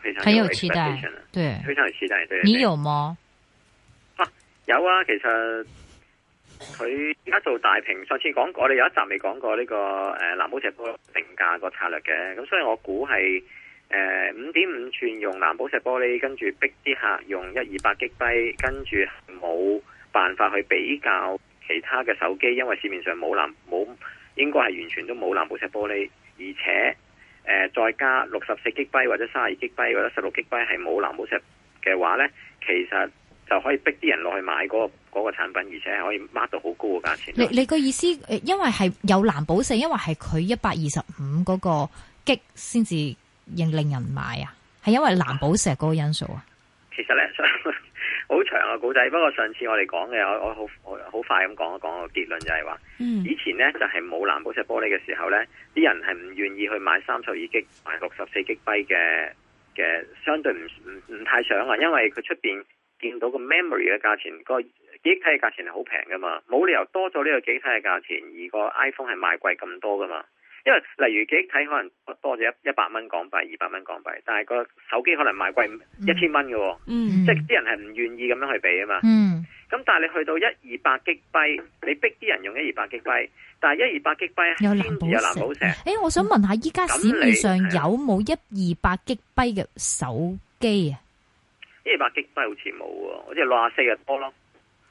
非常有期待，對，非常有期待。對你，你有冇、啊？有啊。其實佢而家做大屏，上次講過，我哋有一集未講過呢、這個誒、呃、藍寶石玻璃定價個策略嘅。咁所以我估係誒五點五寸用藍寶石玻璃，跟住逼啲客用一二百吉低，跟住冇辦法去比較其他嘅手機，因為市面上冇藍冇，應該係完全都冇藍寶石玻璃，而且。誒、呃，再加六十四 GB 或者三十二 GB 或者十六 GB 係冇藍寶石嘅話呢，其實就可以逼啲人落去買嗰、那個嗰、那個產品，而且可以 mark 到好高嘅價錢。你你個意思，因為係有藍寶石，因為係佢一百二十五嗰個 G 先至令令人買啊，係因為藍寶石嗰個因素啊？其實呢。 好長啊，古仔，不過上次我哋講嘅，我我好好快咁講一講個結論，就係話，以前呢，就係、是、冇藍寶石玻璃嘅時候呢，啲人係唔願意去買三十二 G、買六十四 G 低嘅，嘅相對唔唔太想啊，因為佢出邊見到個 memory 嘅價錢、個機體嘅價錢係好平噶嘛，冇理由多咗呢個機體嘅價錢，而個 iPhone 係賣貴咁多噶嘛。因為例如記憶體可能多咗一一百蚊港幣、二百蚊港幣，但係個手機可能賣貴一千蚊嘅，即係啲人係唔願意咁樣去畀啊嘛。咁、嗯、但係你去到一二百億塊，你逼啲人用一二百億塊，但係一二百億塊係有藍寶石。誒、欸，我想問下，依家市面上有冇一二百億塊嘅手機啊？一二百億塊好似冇喎，我即係六十四嘅多咯。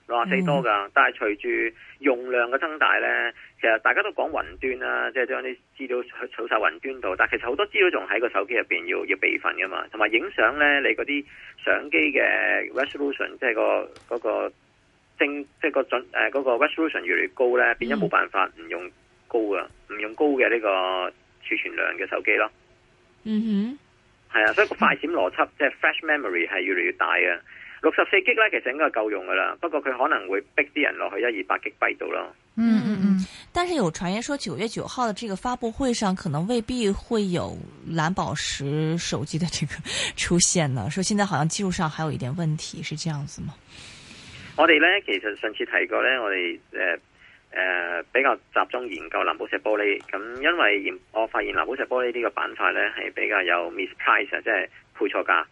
六十四多噶，mm -hmm. 但係隨住用量嘅增大咧，其實大家都講雲端啦、啊，即係將啲資料儲晒雲端度。但係其實好多資料仲喺個手機入邊要要備份噶嘛。同埋影相咧，你嗰啲相機嘅 resolution 即係、那個、那個正，即、就、係、是那個準誒、那個 resolution 越嚟越高咧，mm -hmm. 變咗冇辦法唔用高噶，唔用高嘅呢個儲存量嘅手機咯。嗯哼，係啊，所以個快閃邏輯即係、就是、flash memory 係越嚟越大嘅。六十四 G 咧，其實應該夠用噶啦。不過佢可能會逼啲人落去一二百 GB 度咯。嗯嗯嗯。但是有傳言說，九月九號嘅這個發布會上，可能未必會有藍寶石手機的這個出現呢。說現在好像技術上還有一點問題，是這樣子嗎？我哋咧，其實上次提過咧，我哋誒誒比較集中研究藍寶石玻璃。咁因為研我發現藍寶石玻璃個版呢個板塊咧係比較有 misprice，即係配錯價。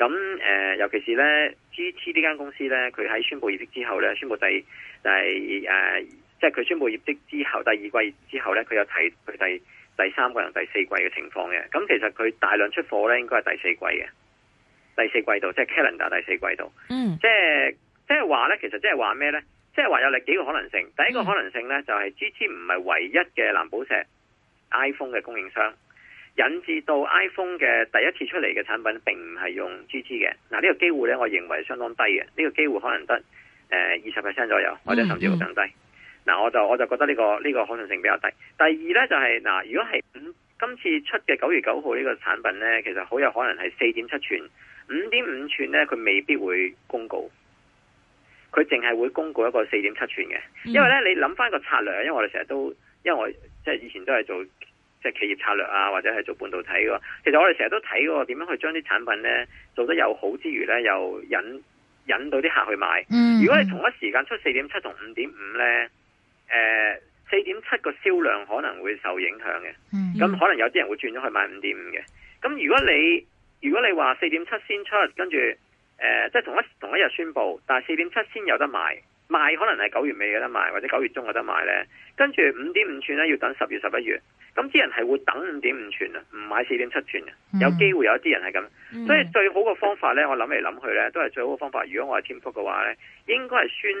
咁誒、呃，尤其是咧，G T 呢間公司咧，佢喺宣佈業績之後咧，宣佈第第誒、呃，即係佢宣佈業績之後，第二季之後咧，佢有睇佢第第三季同第四季嘅情況嘅。咁其實佢大量出貨咧，應該係第四季嘅第四季度，即係 calendar 第四季度。嗯，即係即係話咧，其實即係話咩咧？即係話有幾個可能性，第一個可能性咧、嗯，就係、是、G T 唔係唯一嘅藍寶石 iPhone 嘅供應商。引致到 iPhone 嘅第一次出嚟嘅產品並唔係用 G2 嘅，嗱、這、呢個機會咧，我認為相當低嘅。呢、這個機會可能得誒二十 percent 左右，或者甚至乎更低。嗱，我就我就覺得呢、這個呢、這個可能性比較低。第二咧就係、是、嗱，如果係今次出嘅九月九號呢個產品咧，其實好有可能係四點七吋、五點五吋咧，佢未必會公告，佢淨係會公告一個四點七吋嘅。因為咧，mm -hmm. 你諗翻個策略，因為我哋成日都，因為我即係以前都係做。即係企業策略啊，或者係做半導體嘅。其實我哋成日都睇過點樣去將啲產品呢做得又好之餘呢，又引引到啲客去買、嗯。如果你同一時間出四點七同五點五呢，四點七個銷量可能會受影響嘅。咁、嗯、可能有啲人會轉咗去買五點五嘅。咁如果你如果你話四點七先出，跟住誒、即、呃、係、就是、同一同一日宣布，但係四點七先有得賣，賣可能係九月尾有得賣，或者九月中有得賣呢。跟住五點五寸呢，要等十月十一月。咁啲人係會等五點五寸啊，唔買四點七寸嘅，有機會有一啲人係咁、嗯，所以最好嘅方法呢，我諗嚟諗去呢，都係最好嘅方法。如果我係 Tim Cook 嘅話呢，應該係宣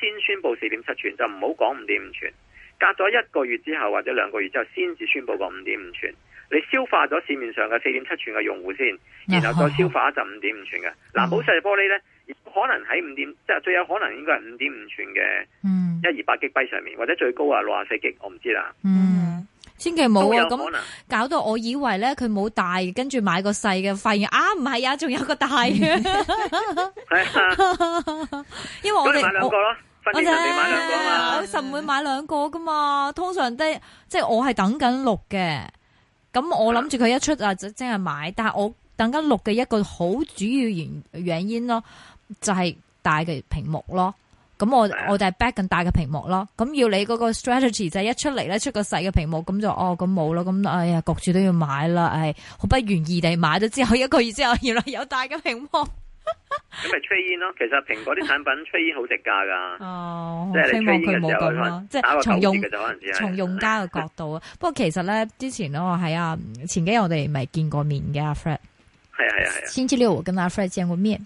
先宣布四點七寸，就唔好講五點五寸，隔咗一個月之後或者兩個月之後，先至宣布個五點五寸，你消化咗市面上嘅四點七寸嘅用戶先，然後再消化一集五點五寸嘅。嗱、嗯，藍寶石玻璃呢，可能喺五點，即係最有可能應該係五點五寸嘅，一二八 GB 上面或者最高啊六十四 G，我唔知啦。嗯千祈冇啊！咁搞到我以為咧佢冇大，跟住買個細嘅，發現啊唔係啊，仲、啊、有個大嘅。 因為我哋我我就、啊、買兩個啊嘛，實會買兩個噶嘛。通常都即即係我係等緊六嘅，咁我諗住佢一出啊即係買。啊、但係我等緊六嘅一個好主要原原因咯，就係、是、大嘅屏幕咯。咁我我哋係 back 更大嘅屏幕咯，咁要你嗰個 strategy 就一出嚟咧出個細嘅屏幕，咁就，是、就哦咁冇咯，咁哎呀焗住都要買啦，係、哎、好不願意地買咗之後一個月之後，原來有大嘅屏幕。咁咪吹煙咯，其實蘋果啲產品吹煙好值價噶，即、啊、係希望佢冇咁咯，即係從用從用家嘅角度啊。不過其實咧之前咧我係啊，前幾日我哋咪見過面嘅阿 Fred 係啊係啊，星期六我跟阿 Fred 見過面。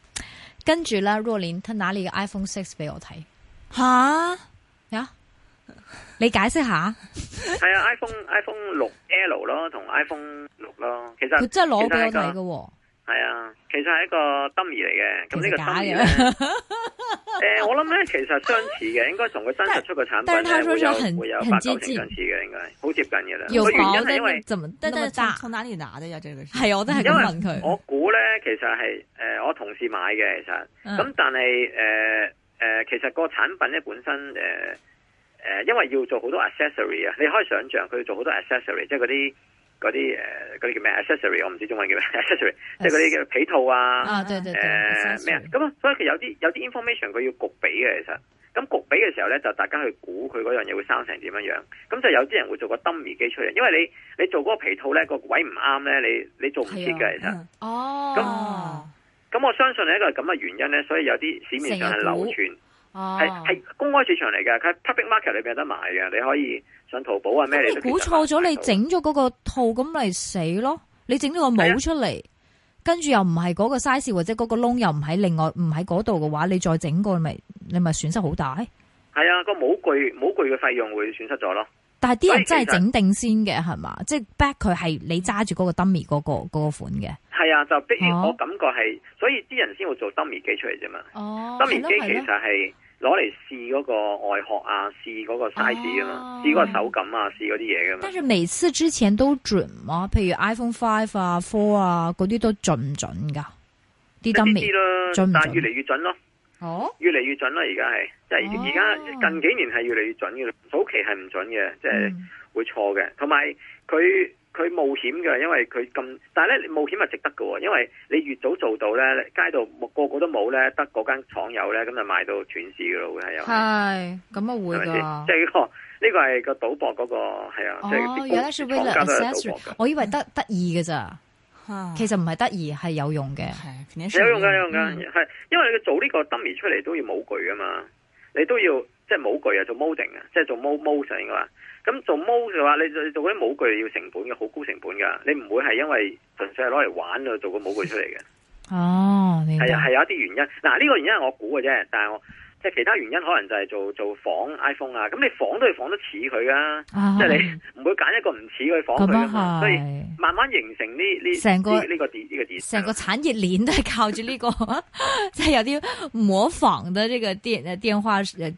跟住啦，若蓮，佢拿你嘅 iPhone Six 俾我睇。吓呀，你解釋下。係啊，iPhone iPhone 六 L 咯，同 iPhone 六咯，其實佢真係攞俾我睇㗎喎。係啊，其實係一個 dummy 嚟嘅，咁呢個 dummy 咧、呃。誒， 我諗咧其實相似嘅，應該同佢真實出嘅產品係會有會有八九成相似嘅，應該好接近嘅啦。有個原因係因為怎麼那麼大？從哪裡拿的呀？係啊，這個、因為我都係問佢。我估咧其實係誒、呃，我同事買嘅其實，咁、嗯、但係誒誒，其實個產品咧本身誒誒、呃呃，因為要做好多 accessory 啊，你可以想象佢要做好多 accessory，即係嗰啲。嗰啲誒嗰啲叫咩 accessory，我唔知中文叫咩 accessory，即係嗰啲嘅皮套啊，啊對對對，咩啊咁啊，所以佢有啲有啲 information 佢要焗比嘅其實，咁焗比嘅時候咧就大家去估佢嗰樣嘢會生成點樣樣，咁就有啲人會做個 dummy 機出嚟，因為你你做嗰個皮套咧、個位唔啱咧，你你做唔切嘅其實，嗯、哦，咁咁我相信係一個咁嘅原因咧，所以有啲市面上係流傳。係、啊、係公開市場嚟噶，佢 public market 裏邊有得買嘅，你可以上淘寶啊咩嚟你估錯咗，你整咗嗰個套咁咪死咯？你整咗個，個帽出嚟，跟住又唔係嗰個 size 或者嗰個窿又唔喺另外唔喺嗰度嘅話，你再整過咪你咪損失好大。係啊，個模具模具嘅費用會損失咗咯。但係啲人真係整定先嘅係咪？即係、就是、back 佢係你揸住嗰個 dummy 嗰、那個嗰、那個款嘅。係啊，就比如、啊、我感覺係，所以啲人先會做 dummy 機出嚟啫嘛。哦、dummy 機其實係攞嚟試嗰個外殼啊，試嗰個 size 啊、哦，試嗰個手感啊，試嗰啲嘢㗎嘛。但是每次之前都準啊？譬如 iPhone 5啊、4啊嗰啲都準唔準噶？啲 dummy 準，準但越嚟越準囉。哦，現在越嚟越準啦！而家係係而家近幾年係越嚟越準嘅，早期係唔準嘅，即係會錯嘅。同埋佢佢冒險嘅，因為佢咁，但係咧冒險係值得噶，因為你越早做到咧，街度個個都冇咧，得嗰間廠有咧，咁就賣到斷市嘅咯，會係有係咁啊，會噶，即係呢個呢個係個賭博嗰個係啊，哦，有得輸俾你，我我以為得 得，得，得意嘅咋。其實唔係得意，係有用嘅，係有用噶，有用噶，係，因為你做呢個 dummy 出嚟都要模具啊嘛，你都要即係模具啊，做, moding, 做 m o d i n g 啊，即係做 model 就應該咁做 model 嘅話，你做啲模具要成本嘅，好高成本噶，你唔會係因為純粹係攞嚟玩啊，做個模具出嚟嘅。 哦，係啊，係有一啲原因。嗱，呢個原因係我估嘅啫，但係我。即係其他原因，可能就係做做仿 iPhone 啊，咁你仿都係仿得似佢啊，即、啊、係、就是、你唔會揀一個唔似佢仿佢啊，所以慢慢形成呢呢成個呢、這個呢個電成個產業鏈都係靠住呢、這個，即 係 有啲模仿嘅呢個電電話誒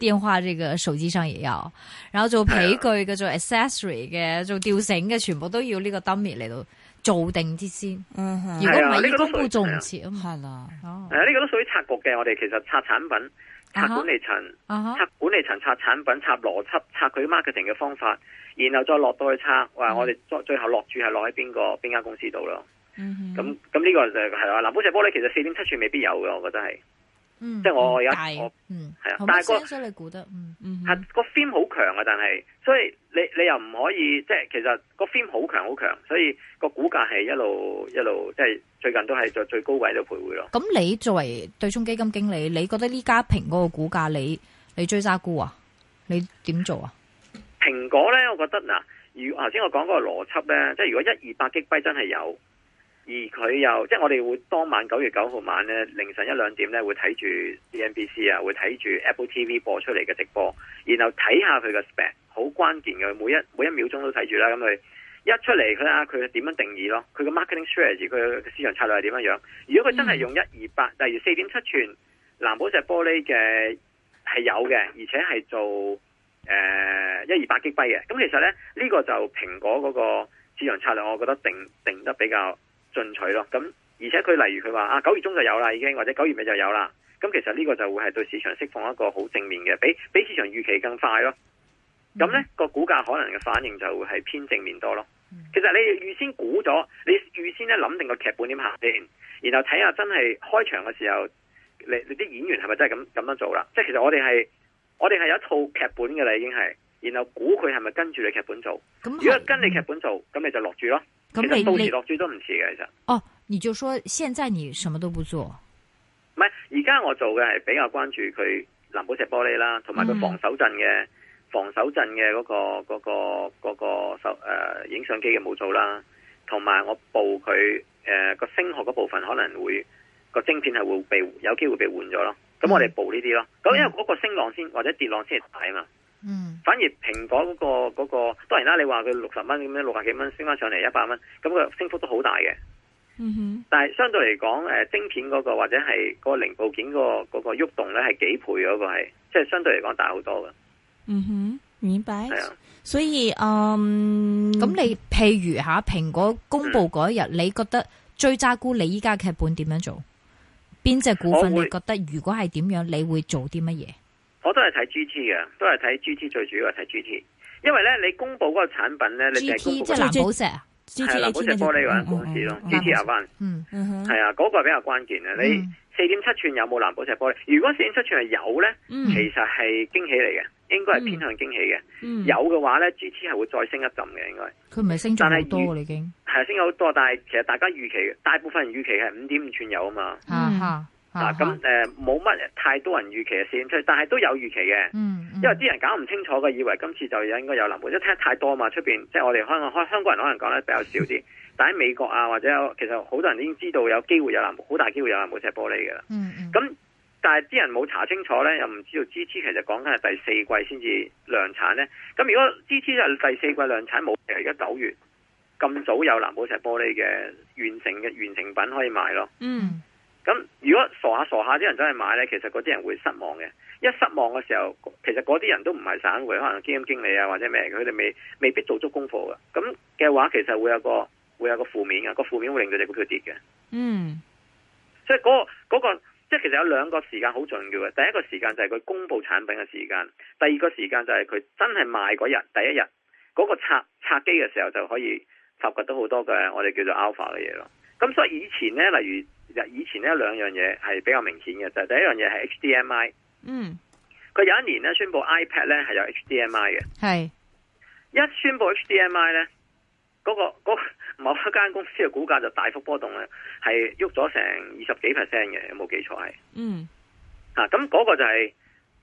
電話這個手機上也有，然後做皮具嘅，做 accessory 嘅，做吊繩嘅，全部都要呢個 dummy 嚟到。做定啲先，如果唔係呢個都做唔切啊嘛，係、哦、啦，呢、啊這個都屬於拆局嘅。我哋其實拆產品、拆管理層、啊、拆管理層拆產品、拆邏輯、拆佢 marketing 嘅方法，然後再落到去拆，話、嗯、我哋最最後落注係落喺邊個邊間公司度咯。咁咁呢個就係、是、啦。嗱、啊，藍寶石玻璃其實四點七寸未必有嘅，我覺得係。嗯，即係我而家，嗯係、嗯那個嗯嗯嗯嗯那個、啊，但係個所以你估得，嗯嗯，係個 film 好強啊，但係所以你你又唔可以，即係其實個 film 好強好強，所以個股價係一路一路，即係最近都係在最高位度徘徊咯。咁你作為對沖基金經理，你覺得呢家蘋果個股價，你你追揸沽啊？你點做啊？蘋果咧，我覺得嗱、呃，如頭先我講嗰個邏輯咧，即係如果一二百擊虧真係有。而佢又即係我哋會當晚九月九號晚咧，凌晨一兩點咧會睇住 CNBC 啊，會睇住 Apple T V 播出嚟嘅直播，然後睇下佢嘅 spec 好關鍵嘅，每一每一秒鐘都睇住啦。咁、嗯、佢一出嚟佢啊佢點樣定義咯？佢個 marketing strategy 佢嘅市場策略係點樣樣？如果佢真係用一二八，例如四點七寸藍寶石玻璃嘅係有嘅，而且係做誒一二八 GB 嘅。咁、呃嗯、其實咧呢、這個就蘋果嗰個市場策略，我覺得定定得比較。進取咯，咁而且佢例如佢話啊九月中就有啦，已經或者九月尾就有啦，咁其實呢個就會係對市場釋放一個好正面嘅，比比市場預期更快咯。咁呢、mm -hmm. 個股價可能嘅反應就會係偏正面多咯。Mm -hmm. 其實你預先估咗，你預先咧諗定個劇本點行，然後睇下真係開場嘅時候，你你啲演員係咪真係咁咁樣做啦？即係其實我哋係我哋係有一套劇本嘅啦，已經係，然後估佢係咪跟住你劇本做、嗯？如果跟你劇本做，咁你就落注咯。咁你到時落注都唔遲嘅，其實。哦，你就說現在你什麼都不做？唔係，而家我做嘅係比較關注佢藍寶石玻璃啦，同埋佢防守陣嘅防守陣嘅嗰個、嗰個、嗰個手誒影相機嘅模組啦，同埋我補佢誒個聲學嗰部分可能會個晶片係會被有機會被換咗咯，咁我哋補呢啲咯。咁、嗯、因為嗰個升浪先或者跌浪先係大啊嘛。反而蘋果嗰個嗰個，當然啦，你話佢六十蚊咁樣，六百幾蚊升翻上嚟一百蚊，咁佢升幅都好大嘅。嗯哼。但係相對嚟講，誒，晶片嗰個或者係嗰個零部件嗰個喐動咧，係幾倍嗰個係，即係相對嚟講大好多嘅。嗯哼，明白。係啊，所以嗯，咁 um, 你譬如吓蘋果公布嗰一日，你覺得追揸沽你依家劇本點樣做？邊隻股份你覺得如果係點樣，你會做啲乜嘢？我都係睇 G T 嘅，都係睇 G T 最主要係睇 G T，因為咧你公布嗰個產品咧，GT, 你係公布。G T 即係藍寶石、啊啊、，G T 藍寶石玻璃嗰間公司咯，G T One，係啊，嗰、嗰個比較關鍵嘅、嗯。你四點七寸有冇藍寶石玻璃？如果四點七寸係有咧，其實係驚喜嚟嘅、嗯，應該係偏向驚喜嘅、嗯。有嘅話咧，G T 係會再升一浸嘅，應該。佢唔係升咗好多啊，你已經係升咗好多，但係其實大家預期，大部分人預期係五點五寸有啊嘛。嗯咁、啊、誒，冇乜、呃、太多人預期先，即係，但係都有預期嘅、嗯，嗯，因為啲人搞唔清楚嘅，以為今次就應該有藍寶，因為聽太多嘛，出面即係我哋香港，香香港人可能講得比較少啲，但喺美國啊，或者有其實好多人已經知道有機會有藍寶，好大機會有藍寶石玻璃嘅，啦嗯，咁、嗯、但係啲人冇查清楚咧，又唔知道 GT 其實講緊係第四季先至量產咧，咁如果 GT 就第四季量產冇，而家九月咁早有藍寶石玻璃嘅完成嘅完成品可以賣咯，嗯。咁如果傻下傻下啲人走去買呢，其實嗰啲人會失望嘅。一失望嘅時候，其實嗰啲人都唔係散戶，可能基金經理啊或者咩，佢哋未未必做足功課嘅。咁嘅話，其實會有個會有個負面嘅，個負面會令到佢哋股票跌嘅。嗯，即係嗰個、嗰個，即係其實有兩個時間好重要嘅。第一個時間就係佢公佈產品嘅時間，第二個時間就係佢真係賣嗰日第一日嗰、嗰個拆拆機嘅時候就可以發掘到好多嘅我哋叫做 alpha 嘅嘢咯。咁所以以前呢，例如。以前呢兩樣嘢係比較明顯嘅，就係第一樣嘢係 HDMI。嗯，佢有一年咧宣佈 iPad 咧係有 HDMI 嘅。係一宣佈 HDMI 咧，嗰個、嗰個、某一間公司嘅股價就大幅波動啦，係喐咗成二十幾 percent 嘅，有冇記錯係？嗯，啊咁嗰個就係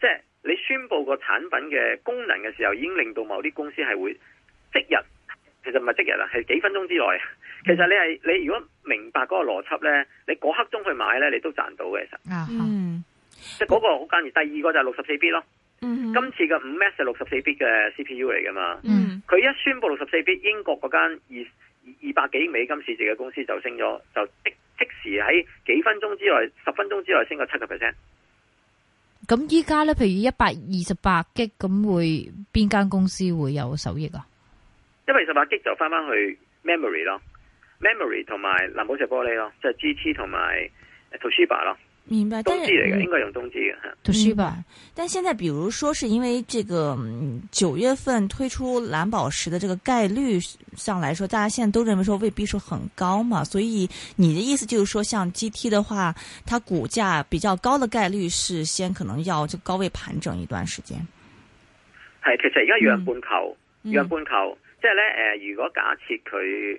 即係你宣佈個產品嘅功能嘅時候，已經令到某啲公司係會即日。其實唔係即日啦，係幾分鐘之內。其實你係你如果明白嗰個邏輯咧，你嗰刻鐘去買咧，你都賺到嘅。其實，即係嗰個好簡易。第二個就係六十四 bit 咯。嗯、uh -huh.，今次嘅五 Max 係六十四 bit 嘅 CPU 嚟噶嘛？佢、uh -huh. 一宣布六十四 bit，英國嗰間二二百幾美金市值嘅公司就升咗，就即即時喺幾分鐘之內、十分鐘之內升咗七個 percent。咁依家咧，譬如一百二十八 G 咁，會邊間公司會有收益啊？因為十八級就翻翻去 memory 咯，memory 同埋藍寶石玻璃咯，即係 G T 同埋 Toshiba 咯，明白，東芝嚟嘅，應該用東芝嘅。Toshiba，但現在比如說是因為這個、嗯、九月份推出藍寶石的這個概率上來說，大家現在都認為說未必說很高嘛，所以你的意思就是說，像 G T 的話，它股價比較高的概率是先可能要就高位盤整一段時間。係、嗯，其實而家原半球，原半球。即係咧，誒、呃，如果假設佢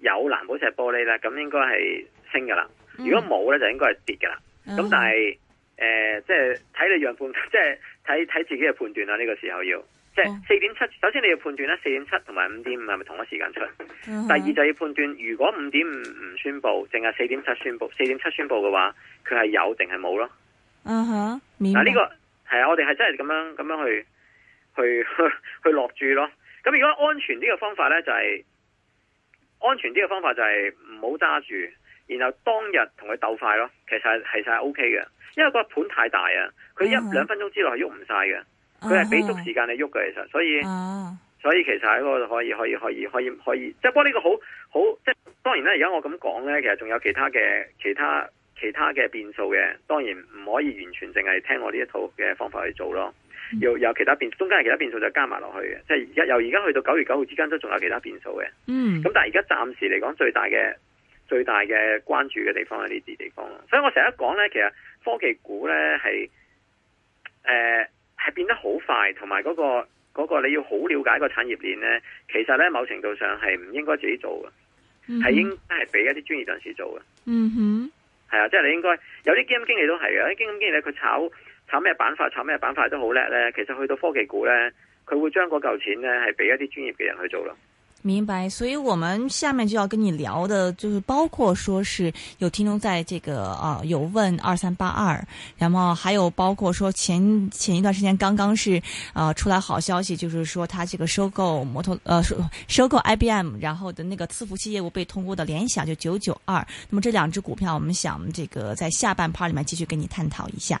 有藍寶石玻璃咧，咁應該係升噶啦。如果冇咧，就應該係跌噶啦。咁、mm -hmm. 但係誒、呃，即係睇你樣判，即係睇睇自己嘅判斷啦。呢、這個時候要，即係四點七。首先你要判斷咧，四點七同埋五點五係咪同一時間出？Mm -hmm. 第二就是要判斷，如果五點五唔宣佈，淨係四點七宣佈，四點七宣佈嘅話，佢係有定係冇咯？嗯、mm、哼 -hmm.，嗱、這、呢個係啊，我哋係真係咁樣咁樣去去去落注咯。咁如果安全啲嘅方法咧，就係、是、安全啲嘅方法就係唔好揸住，然後當日同佢鬥快咯。其實係其實係 O K 嘅，因為個盤太大啊，佢一兩、mm -hmm. 分鐘之內係喐唔晒嘅，佢係俾足時間你喐嘅。其實所以，mm -hmm. 所以所以其實喺嗰度可以可以可以可以可以，即係、就是、不過呢個好好即係當然啦，而家我咁講咧，其實仲有其他嘅其他其他嘅變數嘅，當然唔可以完全淨係聽我呢一套嘅方法去做咯。有、嗯、有其他變，中間有其他變數就加埋落去嘅，即係而家由而家去到九月九號之間都仲有其他變數嘅。嗯，咁但係而家暫時嚟講最大嘅最大嘅關注嘅地方係呢啲地方咯。所以我成日講咧，其實科技股咧係誒係變得好快，同埋嗰個嗰個你要好了解個產業鏈咧，其實咧某程度上係唔應該自己做嘅，係、嗯、應該係俾一啲專業人士做嘅。嗯哼，係啊，即、就、係、是、你應該有啲基金經理都係嘅，啲基金經理咧佢炒。炒咩板塊，炒咩板塊都好叻咧。其實去到科技股咧，佢會將嗰嚿錢咧係俾一啲專業嘅人去做咯。明白，所以我們下面就要跟你聊的，就是包括說，是有聽眾在這個啊、呃、有問二三八二，然後還有包括說前前一段時間剛剛是啊、呃、出來好消息，就是說他這個收購摩托，呃收收購 IBM，然後的那個伺服器業務被通過的聯想就九九二，那麼這兩隻股票，我們想這個在下半 part 裡面繼續跟你探討一下。